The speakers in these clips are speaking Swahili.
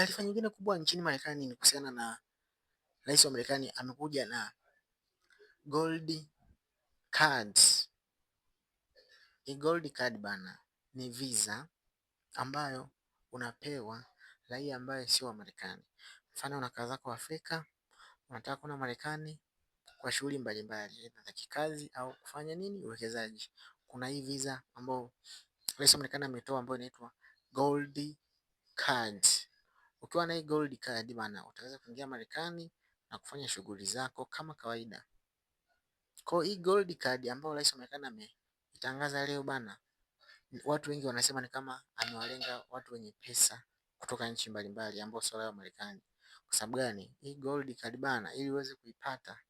Taarifa nyingine kubwa nchini Marekani ni kuhusiana na rais wa Marekani amekuja na gold card. Ni gold card bana, ni visa ambayo unapewa raia ambaye sio wa Marekani. Mfano una kaa zako Afrika, unataka kuna Marekani kwa shughuli mbalimbali, za kikazi au kufanya nini, uwekezaji. Kuna hii visa ambayo rais wa Marekani ametoa ambayo inaitwa gold card. Ukiwa na hii gold card bana, utaweza kuingia Marekani na kufanya shughuli zako kama kawaida. Kwa hii gold card ambayo rais wa Marekani ameitangaza leo bana, watu wengi wanasema ni kama amewalenga watu wenye pesa kutoka nchi mbalimbali ambao sio wa Marekani. Kwa sababu gani? Hii gold card bana, ili uweze kuipata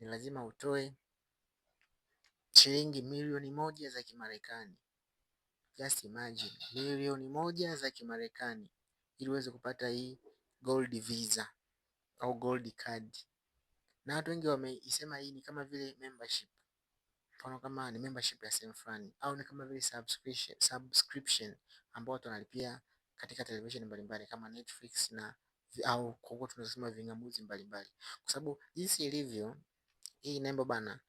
ni lazima utoe shilingi milioni moja za Kimarekani. Just imagine, milioni moja za Kimarekani ili uweze kupata hii gold visa au gold card. Na watu wengi wameisema hii ni kama vile membership, mfano kama ni membership ya sehemu fulani, au ni kama vile subscription, subscription ambao watu wanalipia katika television mbalimbali kama Netflix na au kwa kuwa tunasema ving'amuzi mbalimbali, kwa sababu jinsi ilivyo hii nembo bana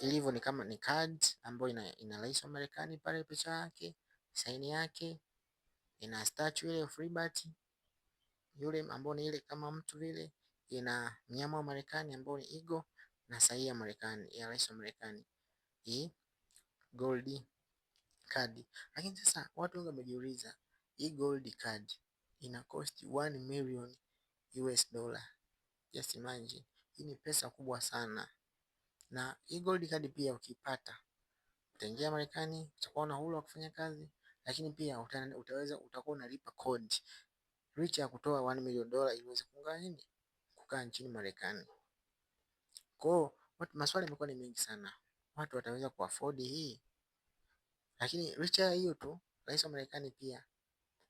ilivyo ni kama ni card ambayo ina, ina rais wa Marekani pale picha yake saini yake ina statue ile Freebird yule ambao ni ile kama mtu vile, ina mnyama wa Marekani ambao ni eagle na sahihi ya Marekani ya rais wa Marekani hii gold card. Lakini sasa watu wengi wamejiuliza hii gold card ina cost 1 million US dollar. Just imagine, hii ni pesa kubwa sana, na hii gold card pia ukipata utaingia Marekani utakuwa na uhuru wa kufanya kazi lakini pia utaweza utakuwa unalipa kodi licha ya kutoa one million dola iweze kukaa nini kukaa nchini Marekani. Kwao maswali yamekuwa ni mengi sana, watu wataweza kuafodi hii? Lakini licha ya hiyo tu, rais wa Marekani pia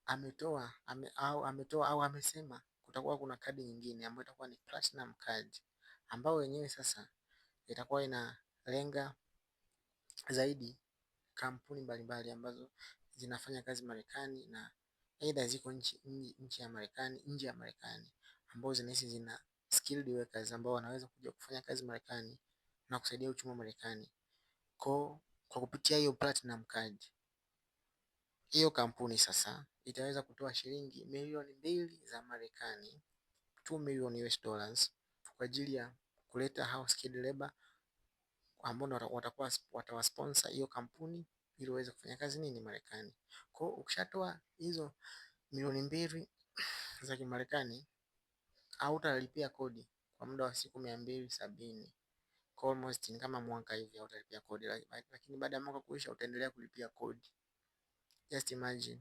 ametoa ame, au ametoa au amesema kutakuwa kuna kadi nyingine ambayo itakuwa ni platinum card ambayo yenyewe sasa itakuwa inalenga zaidi kampuni mbalimbali ambazo zinafanya kazi Marekani na aidha ziko nchi ya Marekani nje ya Marekani ambao zinahisi zina skilled workers ambao wanaweza kuja kufanya kazi Marekani na kusaidia uchumi wa Marekani Kwa kwa kupitia hiyo platinum card hiyo kampuni sasa itaweza kutoa shilingi milioni mbili za Marekani, 2 million US dollars kwa ajili ya kuleta hao skilled labor ambao watakuwa watawasponsor hiyo kampuni ili uweze kufanya kazi nini Marekani. Kwa hiyo ukishatoa hizo milioni mbili za Kimarekani hautalipia kodi kwa muda wa siku mia mbili sabini kwa almost ni kama mwaka hivi utalipia kodi, lakini baada ya mwaka kuisha utaendelea kulipia kodi. Just imagine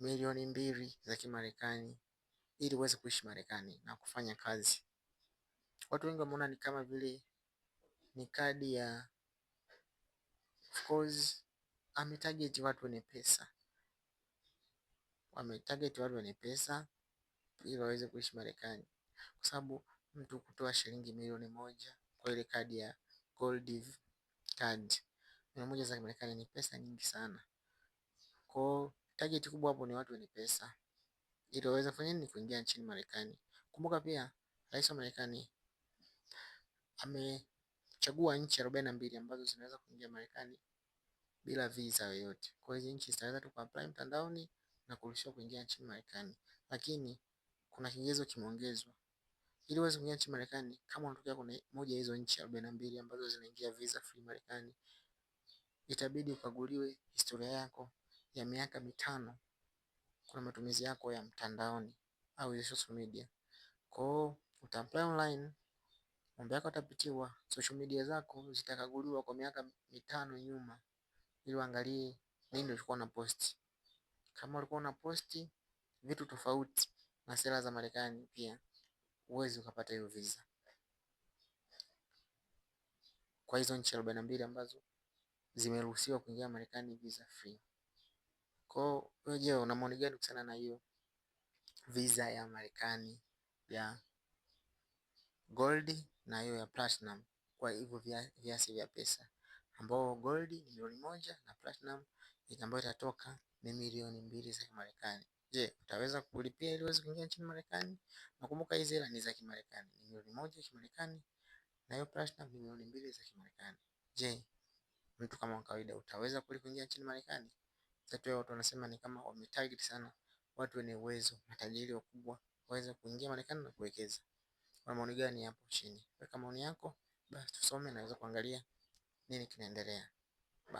milioni mbili za Kimarekani ili uweze kuishi Marekani na kufanya kazi. Watu wengi wameona ni kama vile ni kadi ya of course ametageti watu wenye pesa, wametageti watu wenye pesa ili waweze kuishi Marekani, kwa sababu mtu kutoa shilingi milioni moja kwa ile kadi ya Gold card milioni moja za Marekani ni pesa nyingi sana. Kwa target kubwa hapo ni watu wenye pesa ili waweze kufanya nini? Kuingia nchini Marekani. Kumbuka pia rais wa Marekani amechagua nchi arobaini na mbili ambazo zinaweza kuingia Marekani bila visa yoyote. Kwa hiyo hizi nchi zitaweza tu kuapply mtandaoni na kuruhusiwa kuingia nchini Marekani, lakini kuna kigezo kimeongezwa ili uweze kuingia nchini Marekani kama unatokea kwenye moja hizo nchi arobaini na mbili ambazo zinaingia visa free Marekani, itabidi ukaguliwe historia yako ya miaka mitano kwa matumizi yako ya mtandaoni au ya social media. Kwa hiyo utaapply online, mambo yako yatapitiwa, social media zako zitakaguliwa kwa miaka mitano nyuma ili uangalie nini ulikuwa una posti. Kama ulikuwa una posti vitu tofauti na sera za Marekani, pia huwezi ukapata hiyo visa kwa hizo nchi arobaini na mbili ambazo zimeruhusiwa kuingia Marekani visa free. Kwa hiyo je, una maoni gani kuhusiana na hiyo visa ya Marekani ya gold na hiyo ya platinum kwa hivyo viasi vya pesa? ambao gold ni milioni moja na platinum ambayo itatoka ni milioni mbili za Kimarekani. Je, utaweza kulipia ili uweze kuingia nchini Marekani? Nakumbuka hizi hela ni za Kimarekani, ni milioni moja ya Kimarekani na hiyo platinum ni milioni mbili za Kimarekani. Je, mtu kama kawaida utaweza kuingia nchini Marekani? Sasa watu wanasema ni kama wametarget sana watu wenye uwezo, matajiri wakubwa waweze kuingia Marekani na kuwekeza. Una maoni gani hapo chini? Weka maoni yako basi tusome naweza kuangalia nini kinaendelea.